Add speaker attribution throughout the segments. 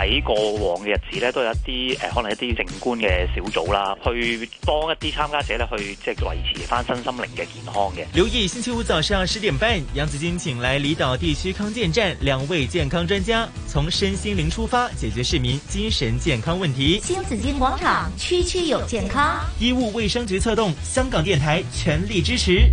Speaker 1: 喺過往嘅日子呢，都有一啲誒，可能一啲正官嘅小組啦，去幫一啲參加者呢，去即係維持翻身心靈嘅健康嘅。留意星期五早上十點半，楊子金請來離島地區康健站兩位健康專家，從身心靈出發，解決市民精神健康問題。新
Speaker 2: 紫荊廣場，區區有健
Speaker 1: 康。醫務衛生局策動，香港電台全力支持。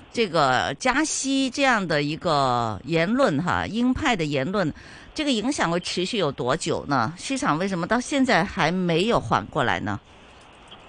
Speaker 2: 這個加息這樣的一個言論哈，鷹派的言論，這個影響會持續有多久呢？市場為什麼到現在還沒有緩過來呢？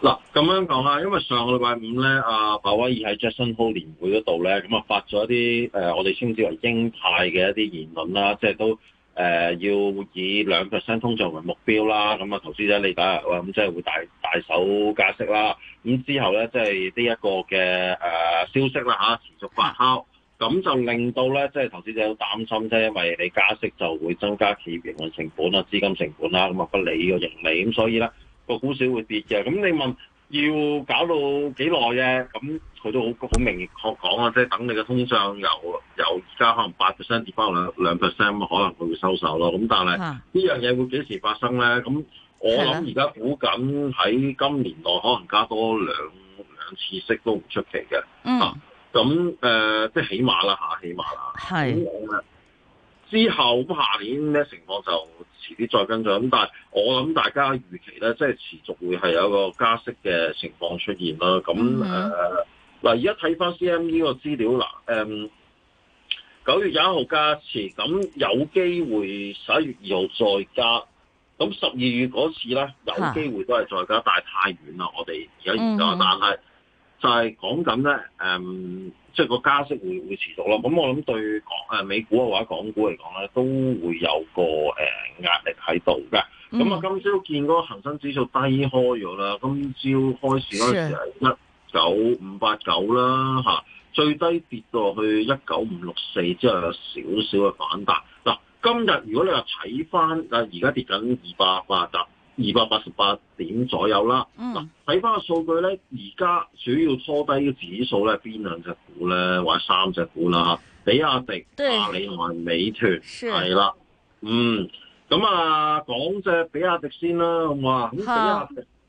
Speaker 3: 嗱，咁樣講啦，因為上個禮拜五咧，阿鮑威爾喺 Jackson Hole 年會嗰度咧，咁啊發咗一啲誒，我哋稱之為鷹派嘅一啲言論啦，即係都。誒、呃、要以兩 percent 通脹為目標啦，咁啊投資者你解咁即係會大大手加息啦，咁之後咧即係呢一、就是、個嘅誒、呃、消息啦吓持續發酵，咁就令到咧即係投資者好擔心即係、就是、因為你加息就會增加企業營運成本啊、資金成本啦，咁啊不利個盈利，咁所以咧個股市會跌嘅，咁你問？要搞到幾耐嘅？咁佢都好好明確講啊，即係等你嘅通脹由由而家可能八 percent 跌翻兩 percent，可能佢會收手咯。咁但係，啊，呢樣嘢會幾時發生咧？咁我諗而家估緊喺今年內可能加多兩兩次息都唔出奇嘅。嗯，咁，啊，誒，呃，即係起碼啦，下起碼啦。係。之後咁，下年咩情況就遲啲再跟進咁。但係我諗大家預期咧，即係持續會係有一個加息嘅情況出現啦。咁誒，嗱而家睇翻 CME 呢個資料啦。誒、呃，九月廿一號加息，咁有機會十一月二號再加，咁十二月嗰次咧有機會都係再加，啊、但係太遠啦。我哋而家而家，mm -hmm. 但係就係講緊咧誒。呃即係個加息會會持續咯，咁我諗對港誒美股或者港股嚟講咧，都會有個誒、呃、壓力喺度嘅。咁、嗯、啊，今朝見嗰個恆生指數低開咗啦。今朝開始嗰陣時係一九五八九啦，嚇最低跌到去一九五六四，之後有少少嘅反彈嗱。今日如果你話睇翻啊，而家跌緊二百八十。二百八十八點左右啦。
Speaker 4: 嗱、
Speaker 3: 嗯，睇翻個數據咧，而家主要拖低嘅指數咧，邊兩隻股咧，或者三隻股啦？比亞迪、阿里、啊、美團，係啦。嗯，咁啊，講隻比亞迪先啦，好嘛？比亞迪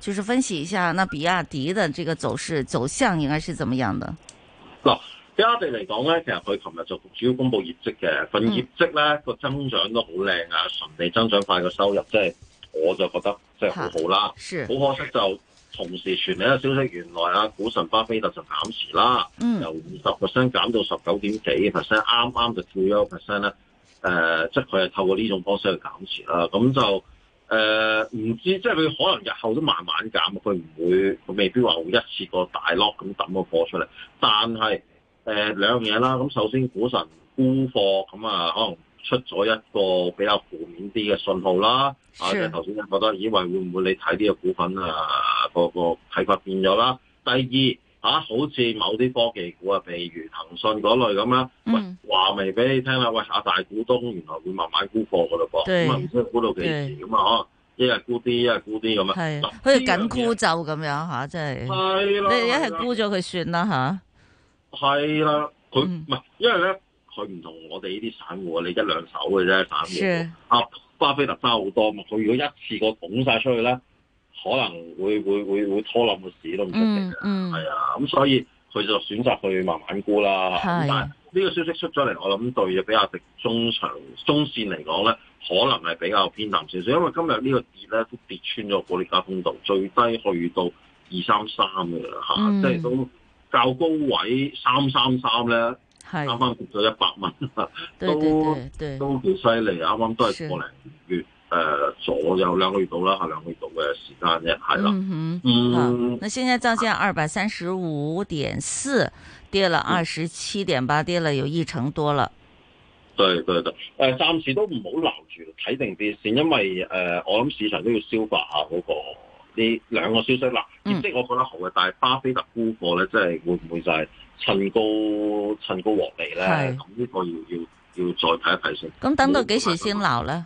Speaker 2: 就是分析一下，那比亞迪的這個走勢走向應該是怎麼樣的？
Speaker 3: 嗱、嗯，比亞迪嚟講咧，其實佢琴日就主要公布業績嘅份，業績咧個增長都好靚啊，純利增長快嘅收入，即、就、係、是、我就覺得即係、就是、好好啦。好可惜就同時傳嚟一個消息，原來啊股神巴菲特就減持啦、嗯，由五十個 percent 減到十九點幾 percent，啱啱就跳咗個 percent 啦。誒，即係佢係透過呢種方式去減持啦。咁就。誒、呃，唔知，即係佢可能日後都慢慢減，佢唔會，佢未必話會一次過大 lock 咁抌個貨出嚟。但係誒兩樣嘢啦，咁首先股神沽貨，咁啊可能出咗一個比較負面啲嘅信號啦，就是。啊，就頭先覺得，以為會唔會你睇呢個股份啊，個個睇法變咗啦。第二。吓、啊，好似某啲科技股啊，譬如騰訊嗰類咁啦，喂，話明俾你聽啦，喂，下大股東原來會慢慢沽貨噶咯噃，咁啊唔知沽到幾時，咁啊一日沽啲，一日沽啲咁啊，係，
Speaker 2: 好似緊箍咒咁樣吓，即係、嗯，
Speaker 3: 你一係
Speaker 2: 沽咗佢算啦吓，
Speaker 3: 係啦，佢唔係，因為咧，佢唔同我哋呢啲散戶啊，你一兩手嘅啫，散戶、啊，巴菲特揸好多，嘛，佢如果一次過拱晒出去咧。可能會會會會拖冧個市都唔出奇嘅，係、嗯嗯、啊，咁所以佢就選擇去慢慢沽啦。但係呢個消息出咗嚟，我諗對嘅比較的中長中線嚟講咧，可能係比較偏淡少少，因為今日呢個跌咧都跌穿咗保歷加通道，最低去到二三三嘅啦，嚇、嗯，即係都較高位三三三咧，啱啱跌咗一百蚊，都剛剛都都幾犀利，啱啱都係個零月。誒，左右兩個月度啦，係兩個月度嘅時間啫，係啦。嗯哼嗯嗯。那
Speaker 2: 現在造價二百三十五點四，跌啦二十七點八，跌啦有一成多啦。
Speaker 3: 對對對，誒、呃，暫時都唔好留住睇定啲先，因為誒、呃，我諗市場都要消化下、那、嗰個呢兩個消息啦。嗯。業績我覺得好嘅，但係巴菲特沽貨咧，真係會唔會就係趁高趁高獲利咧？係。咁呢個要要要再睇一睇先。咁等到幾
Speaker 2: 時先留咧？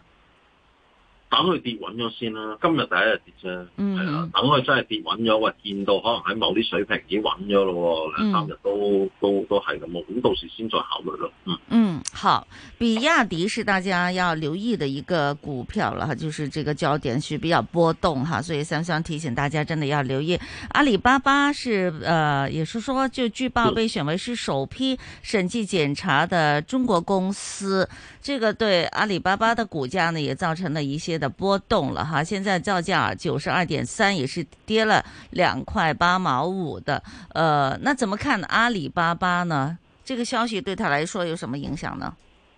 Speaker 3: 等佢跌穩咗先啦，啊，今日第一日跌啫，係啦，啊，等佢真係跌穩咗，或見到可能喺某啲水平已經穩咗咯，兩三日都，嗯，都都係咁，咁到時先再考慮咯，
Speaker 2: 嗯。嗯，好，比亞迪是大家要留意的一個股票啦，哈，就是這個焦點是比較波動哈，所以三三提醒大家，真的要留意。阿里巴巴是，呃，也是說就據報被選為是首批審計檢查的中國公司，嗯，這個對阿里巴巴的股價呢，也造成了一些。波動了哈，現在造價九十二點三，也是跌了兩塊八毛五的。呃，那怎麼看阿里巴巴呢？這個消息對他來說有什麼影響呢？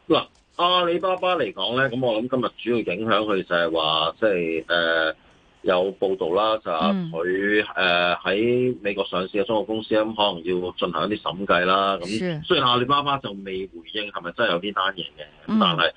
Speaker 3: 嗱、啊，阿里巴巴嚟講呢，咁我諗今日主要影響佢就係話，即係誒有報道啦，就係佢誒喺美國上市嘅中國公司咁，可能要進行一啲審計啦。咁雖然阿里巴巴就未回應係咪真係有呢單嘢嘅，咁但係。嗯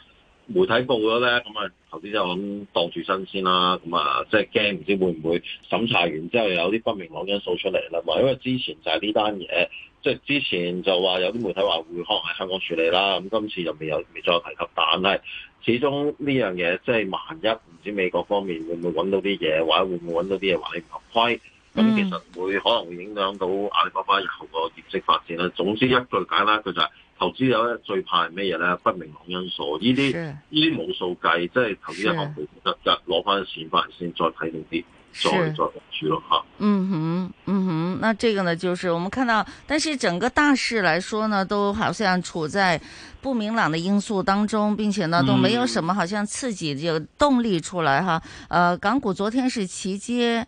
Speaker 3: 媒體報咗咧，咁啊頭先我諗當住新鮮啦，咁啊即係驚唔知會唔會審查完之後有啲不明朗因素出嚟啦。同因為之前就係呢單嘢，即係之前就話有啲媒體話會可能喺香港處理啦，咁今次就未有未再提及，但係始終呢樣嘢即係萬一唔知美國方面會唔會揾到啲嘢，或者會唔會揾到啲嘢話你唔合規，
Speaker 4: 咁其實
Speaker 3: 會可能會影響到阿里巴巴以後個業績發展啦。總之一句簡單，佢就係投資有咧最怕係咩嘢咧？不明朗因素，呢啲呢啲冇數計，即係投資一項冇得噶，攞翻啲錢翻嚟先，再睇定啲，再再睇住咯。哈，
Speaker 2: 嗯哼，嗯哼，那這個呢，就是我們看到，但是整個大勢來說呢，都好像處在不明朗的因素當中，並且呢，都沒有什麼好像刺激的動力出來哈、嗯。呃，港股昨天是齊跌。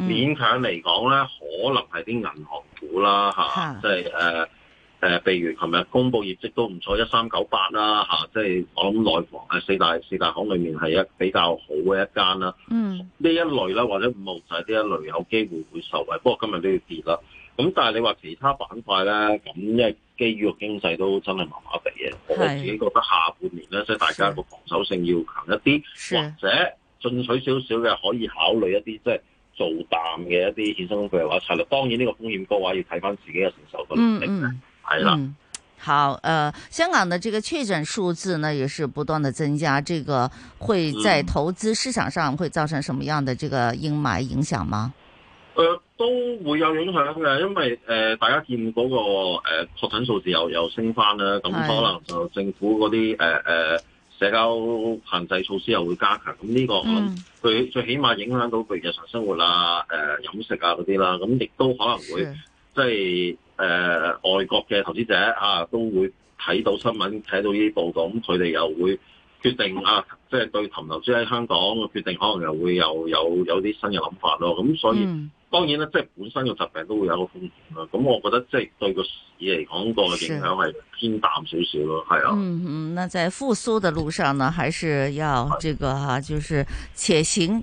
Speaker 3: 勉強嚟講咧，可能係啲銀行股啦，嚇，即係誒誒，譬、啊就是呃呃、如琴日公布業績都唔錯，一三九八啦，嚇，即、啊、係、就是、我諗內房誒四大四大行裏面係一比較好嘅一間啦。嗯，呢一類啦，或者五號就係呢一類有機會會受惠，不過今日都要跌啦。咁、嗯、但係你話其他板塊咧，咁因為基於個經濟都真係麻麻地嘅，我自己覺得下半年咧，即、就、係、是、大家個防守性要強一啲，或者進取少少嘅可以考慮一啲即係。就是做淡嘅一啲衍生工具嘅話，策略當然呢個風險高嘅話，要睇翻自己嘅承受
Speaker 2: 能力。係、嗯、啦、嗯，好。誒、呃，香港嘅這個確診數字呢，也是不斷的增加。這個會在投資市場上會造成什麼樣的這個陰霾影響嗎？誒、嗯
Speaker 3: 呃，都會有影響嘅，因為誒、呃，大家見嗰、那個誒確診數字又又升翻啦，咁可能就政府嗰啲誒誒。呃呃社交限制措施又會加強，咁呢、呢個佢、嗯、最起碼影響到佢日常生活啊、誒、呃、飲食啊嗰啲啦，咁亦都可能會即係誒、呃、外國嘅投資者啊，都會睇到新聞、睇到呢啲報道，咁佢哋又會決定啊，即係對禽流感喺香港決定，啊就是、決定可能又會又有有啲新嘅諗法咯。咁所以，嗯、當然咧，即、就、係、是、本身個疾病都會有風險啦。咁我覺得即係、就是、對個市嚟講個影響係偏淡少少咯，係啊。嗯嗯，
Speaker 2: 那在復甦的路上呢，還是要這個哈，就是且行。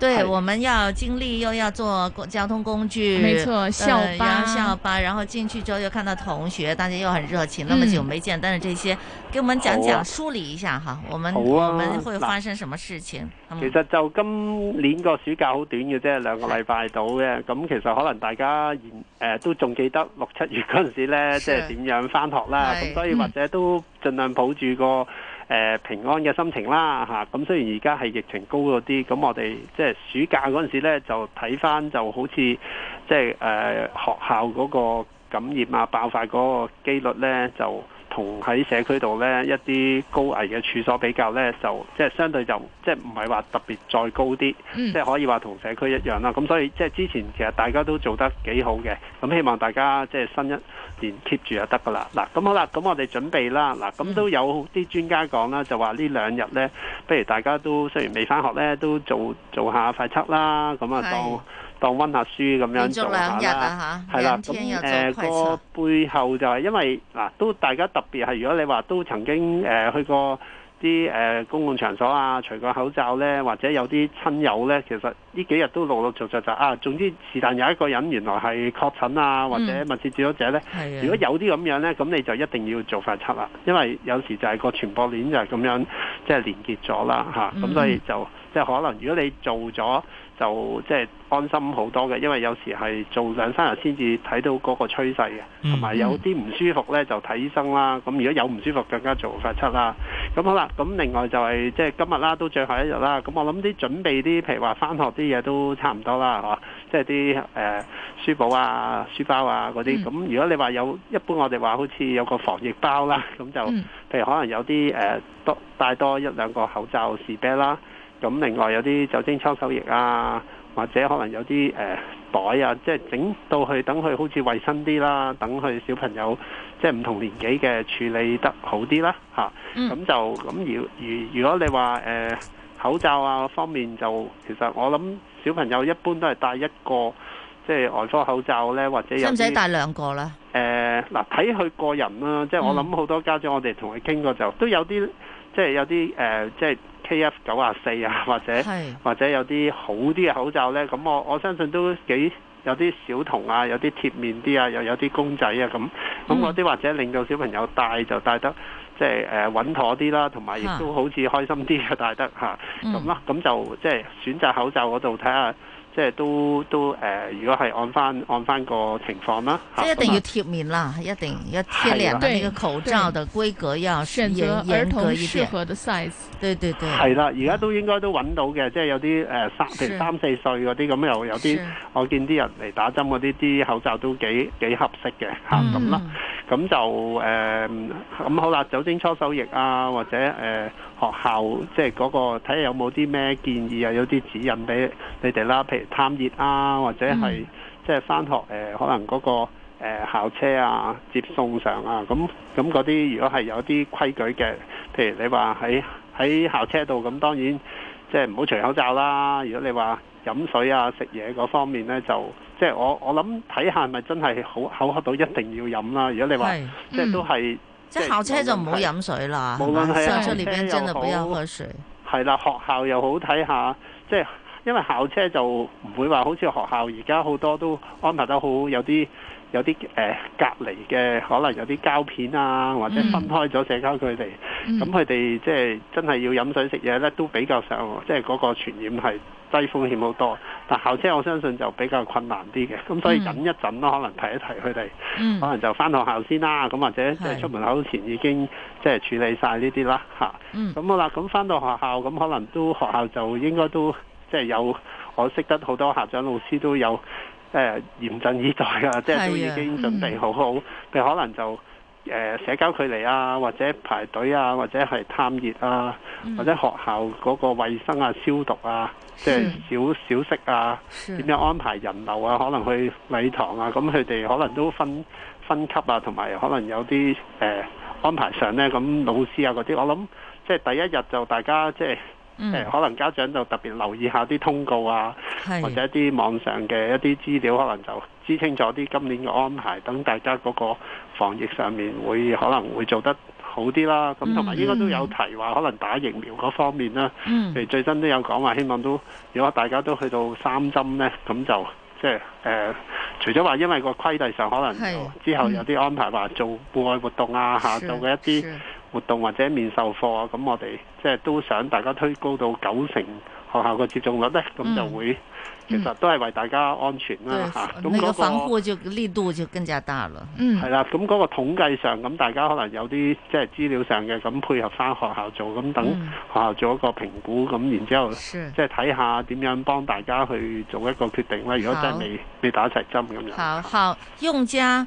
Speaker 2: 對，我們要經歷又要坐交通工具，沒錯，校巴、校巴，然後進去之後又看到同學，大家又很熱情、嗯，那麼久沒見，但是這些，給我們講、啊、講，梳理一下哈，我們、啊、我們會發生什麼事情？其實
Speaker 5: 就今年個暑假好短嘅啫，兩個禮拜到嘅，咁其實可能大家都仲記得六七月嗰陣時呢，即係點樣返學啦，咁、哎、所以或者都盡量抱住個。嗯誒平安嘅心情啦嚇，咁雖然而家係疫情高咗啲，咁我哋即係暑假嗰陣時呢，就睇翻就好似即係誒學校嗰個感染啊、爆發嗰個機率呢。就。同喺社區度呢，一啲高危嘅處所比較呢，就即係相對就即係唔係話特別再高啲，即、嗯、係可以話同社區一樣啦。咁所以即係之前其實大家都做得幾好嘅，咁希望大家即係新一年 keep 住就得噶啦。嗱，咁好啦，咁我哋準備啦。嗱，咁都有啲專家講啦，就話呢兩日呢，不如大家都雖然未返學呢，都做做下快測啦，咁啊當。當溫下書咁樣做下啦，係啦、啊。咁、啊、誒、嗯那個背後就係、是、因為嗱，都大家特別係如果你話都曾經誒、呃、去過啲誒、呃、公共場所啊，除過口罩咧，或者有啲親友咧，其實呢幾日都陸陸續續就啊，總之是但有一個人原來係確診啊、嗯，或者密切接觸者
Speaker 4: 咧。如果有
Speaker 5: 啲咁樣咧，咁你就一定要做快測啦，因為有時就係個傳播鏈就係咁樣即係、就是、連結咗啦嚇，咁、嗯啊、所以就、嗯、即係可能如果你做咗。就即係安心好多嘅，因為有時係做兩三日先至睇到嗰個趨勢嘅，同埋有啲唔舒服呢，就睇醫生啦。咁如果有唔舒服，更加做快測啦。咁好啦，咁另外就係即係今日啦，都最後一日啦。咁我諗啲準備啲，譬如話返學啲嘢都差唔多啦，即係啲誒書簿啊、書包啊嗰啲。咁如果你話有，一般我哋話好似有個防疫包啦，咁就譬如可能有啲誒、呃、多帶多一兩個口罩、士啤啦。咁另外有啲酒精搓手液啊，或者可能有啲誒、呃、袋啊，即係整到去等佢好似衛生啲啦，等佢小朋友即係唔同年紀嘅處理得好啲啦，吓、啊，咁就咁如如如果你話誒、呃、口罩啊方面就，就其實我諗小朋友一般都係戴一個即係、就是、外科口罩咧，或者有。使唔使戴兩個啦。誒、呃，嗱，睇佢個人啦、啊。即、就、係、是、我諗好多家長我哋同佢傾過就、嗯、都有啲，即、就、係、是、有啲誒即係。呃就是 KF 九啊四啊，或者或者有啲好啲嘅口罩呢。咁我我相信都幾有啲小童啊，有啲貼面啲啊，又有啲公仔啊，咁咁嗰啲或者令到小朋友戴就戴得即係穩妥啲啦，同埋亦都好似開心啲啊。戴得吓，咁啦，咁、嗯、就即係、就是、選擇口罩嗰度睇下。即係都都誒、呃，如果係按翻按翻個情況啦，即係一定要
Speaker 2: 貼面啦，啊、一定要貼面啦、嗯、一千年，呢、呢個口罩嘅規格要，選擇兒童適合
Speaker 6: 的 size，對對對，
Speaker 2: 係
Speaker 5: 啦，而家都應該都揾到嘅、啊，即係有啲誒三，譬如三四歲嗰啲咁又有啲，我見啲人嚟打針嗰啲啲口罩都幾幾合適嘅嚇咁啦，咁、嗯、就誒咁、呃、好啦，酒精搓手液啊，或者誒。呃學校即係嗰個睇下有冇啲咩建議啊，有啲指引俾你哋啦。譬如探熱啊，或者係即係返學誒、呃，可能嗰、嗰個、呃、校車啊、接送上啊，咁咁嗰啲如果係有啲規矩嘅，譬如你話喺喺校車度，咁當然即係唔好除口罩啦。如果你話飲水啊、食嘢嗰方面呢，就即係、即係、我我諗睇下係咪真係好口渴到一定要飲啦。如果你話即係都係。嗯即校車就唔好飲水啦，上車裏邊真係不要喝水。係啦，啊，學校又好睇下，即。因為校車就唔會話好似學校而家好多都安排得好，有啲有啲誒、呃、隔離嘅，可能有啲膠片啊，或者分開咗社交距離。咁佢哋即係真係要飲水食嘢咧，都比較上即係嗰個傳染係低風險好多。但校車我相信就比較困難啲嘅，咁所以等一陣咯，可能提一提佢哋、嗯，可能就翻學校先啦。咁或者即係出門口前已經即係、就是、處理晒呢啲啦。咁好啦，咁、嗯、翻、啊、到學校咁可能都學校就應該都。即係有，我識得好多校長老師都有誒、呃、嚴陣以待啊！即係都已經準備好好，譬如、嗯、可能就誒、呃、社交距離啊，或者排隊啊，或者係探熱啊、嗯，或者學校嗰個衞生啊、消毒啊，嗯、即係小小息啊，點樣安排人流啊？可能去禮堂啊，咁佢哋可能都分分級啊，同埋可能有啲誒、呃、安排上咧，咁老師啊嗰啲，我諗即係第一日就大家即係。嗯、可能家長就特別留意一下啲通告啊，或者啲網上嘅一啲資料，可能就知清楚啲今年嘅安排，等大家嗰個防疫上面會可能會做得好啲啦。咁同埋應該都有提話、嗯，可能打疫苗嗰方面啦、啊。嗯、譬如最新都有講話，希望都如果大家都去到三針呢，咁就即係、呃、除咗話因為個規例上可能之後有啲安排話做戶外活動啊，下做嘅一啲，活動或者面授課咁，我哋即係都想大家推高到九成學校個接種率咧，咁就會、嗯嗯、其實都係為大家安全啦、啊、嚇。咁嗰、啊那個，那個防
Speaker 2: 護就力度就
Speaker 5: 更加大了。嗯，係啦、啊，咁嗰個統計上，咁大家可能有啲即係資料上嘅，咁配合翻學校做，咁等學校做一個評估，咁、嗯、然之後即係睇下點樣幫大家去做一個決定啦、啊。如果真係未未打齊針咁樣。
Speaker 2: 好好、啊，用家。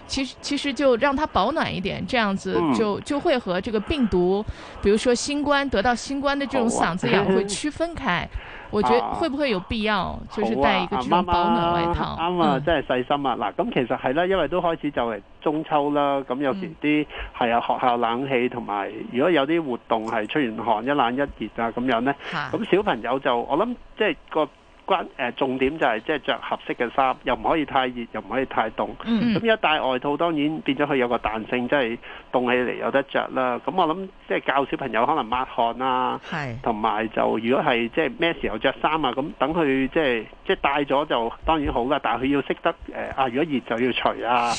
Speaker 6: 其實其實就讓它保暖一點，這樣子就就會和這個病毒，比如說新冠，得到新冠的這種嗓子眼會區分開。啊、 我覺得會不會有必要，就是帶一個保暖外套？啱啊、嗯嗯、啊，啊，啊，
Speaker 5: 真係細心啊！嗱、嗯，咁其實係啦、啊，因為都開始就嚟中秋啦，咁有時啲係啊學校冷氣同埋，如果有啲活動係出完汗一冷一熱啊咁樣呢。咁小朋友就 我諗即係個。關誒，重點就係即係著合適嘅衫，又唔可以太熱，又唔可以太凍。咁一戴外套當然變咗佢有個彈性，即係凍起嚟有得著啦。咁我諗即係教小朋友可能抹汗啊，同埋就如果係即係咩時候著衫啊，咁等佢即係即係戴咗就當然好㗎，但係佢要識得誒啊，如果熱就要除啊，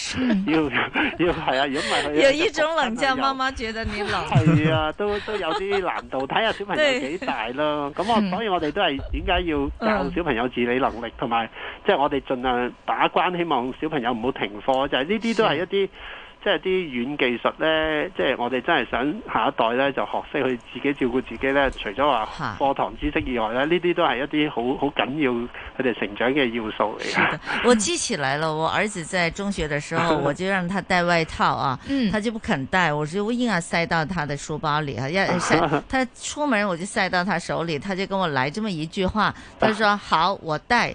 Speaker 5: 要要係啊，如果唔係佢有一
Speaker 2: 種冷叫媽媽覺得你冷，
Speaker 5: 係啊，都都有啲難度，睇下小朋友幾大咯。咁我所以我哋都係點解要教小小朋友自理能力同埋，即係我哋盡量把關，希望小朋友唔好停課。就係呢啲都係一啲。即係啲軟技術咧，即係我哋真係想下一代咧就學識去自己照顧自己咧。除咗話課堂知識以外咧，呢啲都係一啲好好緊要佢哋成長嘅要素嚟嘅！
Speaker 2: 我記起來了，我兒子在中學的時候，我就讓他戴外套啊， 他就不肯戴，我就硬要塞到他的書包裏啊，要塞。他出門我就塞到他手裏，他就跟我來這麼一句話，他就說 好，我戴。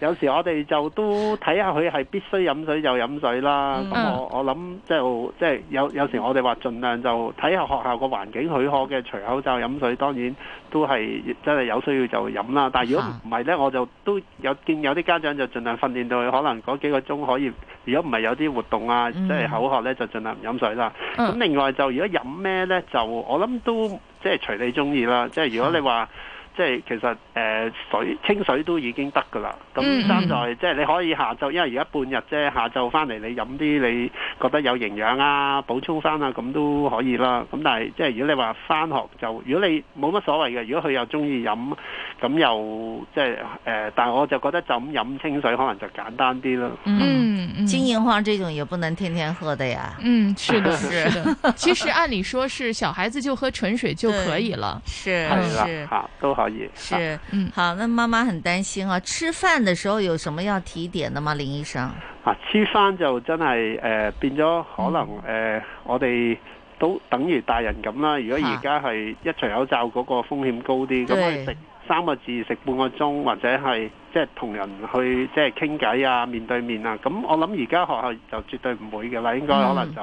Speaker 5: 有時我哋就都睇下佢係必須飲水就飲水啦。咁、嗯、我我諗即係即係有有時我哋話盡量就睇下學校個環境許可嘅除口罩飲水，當然都係真係有需要就飲啦。但係如果唔係呢，我就都有見有啲家長就盡量訓練到佢可能嗰幾個鐘可以。如果唔係有啲活動啊，即、嗯、係、就是、口渴呢，就盡量唔飲水啦。咁、嗯、另外就如果飲咩呢？就我諗都即係隨你中意啦。嗯、即係如果你話，即係其實誒、呃、水清水都已經得㗎啦。咁三在即係、嗯就是、你可以下晝，因為而家半日啫。下晝返嚟你飲啲你覺得有營養啊，補充返啊，咁都可以啦。咁但係即係如果你話返學就，如果你冇乜所謂嘅，如果佢又中意飲，咁又即係誒，但係我就覺得就咁飲清水可能就簡單啲咯。嗯，
Speaker 2: 金銀花呢種也不能天天喝
Speaker 5: 的呀。嗯，是的，是的。是
Speaker 6: 的 其實按理說是小孩子就喝純水就
Speaker 5: 可以了。是，是，好、啊，都學業，是，
Speaker 6: 嗯、啊，好。那媽媽很擔心啊，吃飯
Speaker 2: 的時候有什麼要提點的嗎，林醫生？
Speaker 5: 啊，吃飯就真係，誒、呃，變咗可能，誒、嗯呃，我哋都等於大人咁啦。如果而家係一除口罩，嗰個風險高啲，咁去食。三個字食半個鐘，或者係即係同人去即係傾偈啊，面對面啊。咁我諗而家學校就絕對唔會嘅啦，應該可能就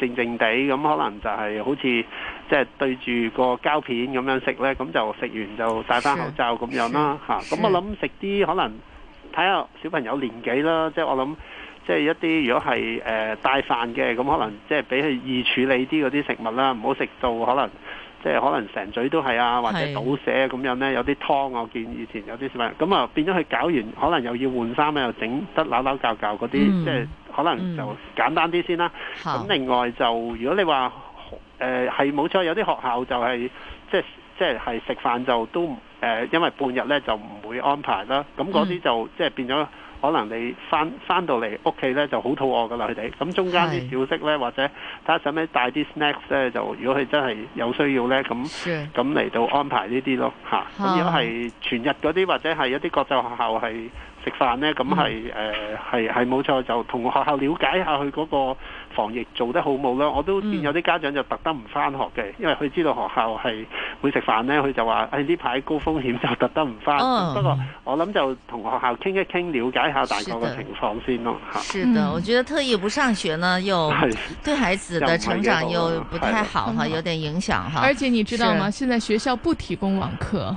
Speaker 5: 靜靜地咁、啊，可能就係好似即係對住個膠片咁樣食呢，咁就食完就戴翻口罩咁樣啦。嚇，咁我諗食啲可能睇下小朋友年紀啦，即係我諗即係一啲如果係誒帶飯嘅，咁、呃、可能即係俾佢易處理啲嗰啲食物啦，唔好食到可能。即係可能成嘴都係啊，或者倒瀉咁樣呢，有啲湯我見以前有啲小朋友咁啊，就變咗佢搞完可能又要換衫又整得扭扭教教嗰啲，即係可能就簡單啲先啦。咁、嗯、另外就如果你話誒係冇錯，有啲學校就係即即係食飯就都誒、呃，因為半日呢就唔會安排啦。咁嗰啲就、嗯、即係變咗。可能你翻翻到嚟屋企咧，就好肚餓噶啦佢哋。咁中間啲小息咧，或者睇下使唔使帶啲 snacks 咧，就如果佢真係有需要咧，咁咁嚟到安排呢啲咯吓。咁如果係全日嗰啲或者係一啲國際學校係食飯咧，咁係誒係係冇錯，就同學校了解一下佢嗰個。防疫做得好冇啦，我都見有啲家長就特登唔返學嘅，嗯，因為佢知道學校係會食飯呢。佢就話，哎，呢排高風險就特登唔返。不過我諗就同學校傾一傾，了解一下大概嘅情況先咯。嚇、嗯，是的，我
Speaker 2: 覺得特意不上學呢，又
Speaker 6: 對孩子的成長又不太好哈，嗯，有點影響哈。而且你
Speaker 5: 知
Speaker 2: 道嗎
Speaker 6: 現在學校不提供網課。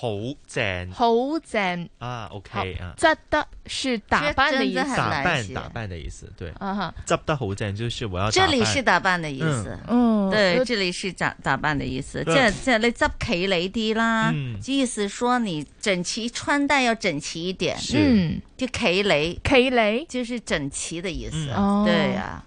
Speaker 1: 好正，好正啊！OK 啊，執、
Speaker 6: okay, 得、啊、是打
Speaker 1: 扮的意思的，打扮打扮的意思，對，執、啊、得好正，就是我要。這裏是打扮的意思，嗯，嗯對嗯，這
Speaker 2: 裏是打、嗯、是打扮的意思，即即你執企理啲啦，意思說你整齊穿戴要整齊一點，嗯，就企理企理就是整齊的意思，嗯啊哦、對呀、啊。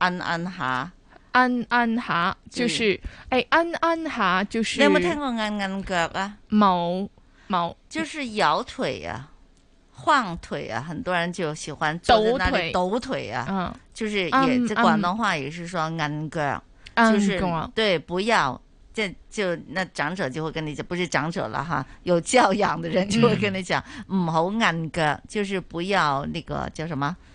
Speaker 6: 安安哈，安安哈，就是哎、嗯欸、安安哈，就是你有冇有聽
Speaker 2: 過安安腳啊？
Speaker 6: 冇冇，
Speaker 2: 就是搖腿啊，晃腿啊，很多人就喜歡坐在那裏抖腿，抖腿啊腿。嗯，就是也，這廣東話也是說安哥，嗯、就是、嗯、對，不要這就那長者就會跟你講，不是長者了哈，有教養的人就會跟你講，唔、嗯、好安腳，就是不要那個叫什麼。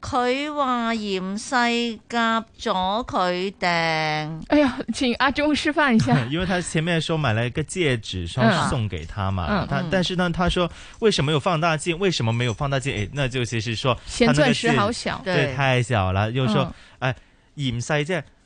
Speaker 2: 佢話嫌細夾咗佢定，哎呀，請阿
Speaker 6: 鐘示範一下，
Speaker 1: 因為他前面說買了一個戒指想送給他嘛，但、嗯、但是呢，他說為什麼有放大鏡？為什麼沒有放大鏡？誒、哎，那就即是說他，鑽石好小，對，對太小了又說、嗯、哎嫌細即係。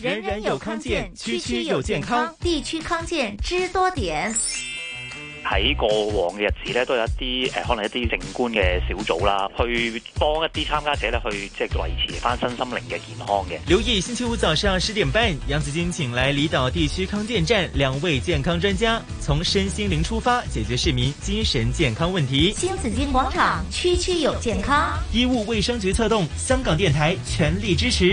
Speaker 2: 人人有康健，
Speaker 7: 區區有健康，區區健康
Speaker 2: 地區康健知多點。
Speaker 1: 喺過往嘅日子呢都有一啲誒、呃，可能一啲靜觀嘅小組啦，去幫一啲參加者呢去即、係、維持返身心靈嘅健康嘅。留意星期五早上十點半，楊紫晶請來離島地區康健站，兩位健康專家從身心靈出發，解決市民精神健康問題。新紫晶廣場區
Speaker 2: 區有健康，
Speaker 1: 醫務衛生局策動，香港電台全力支持。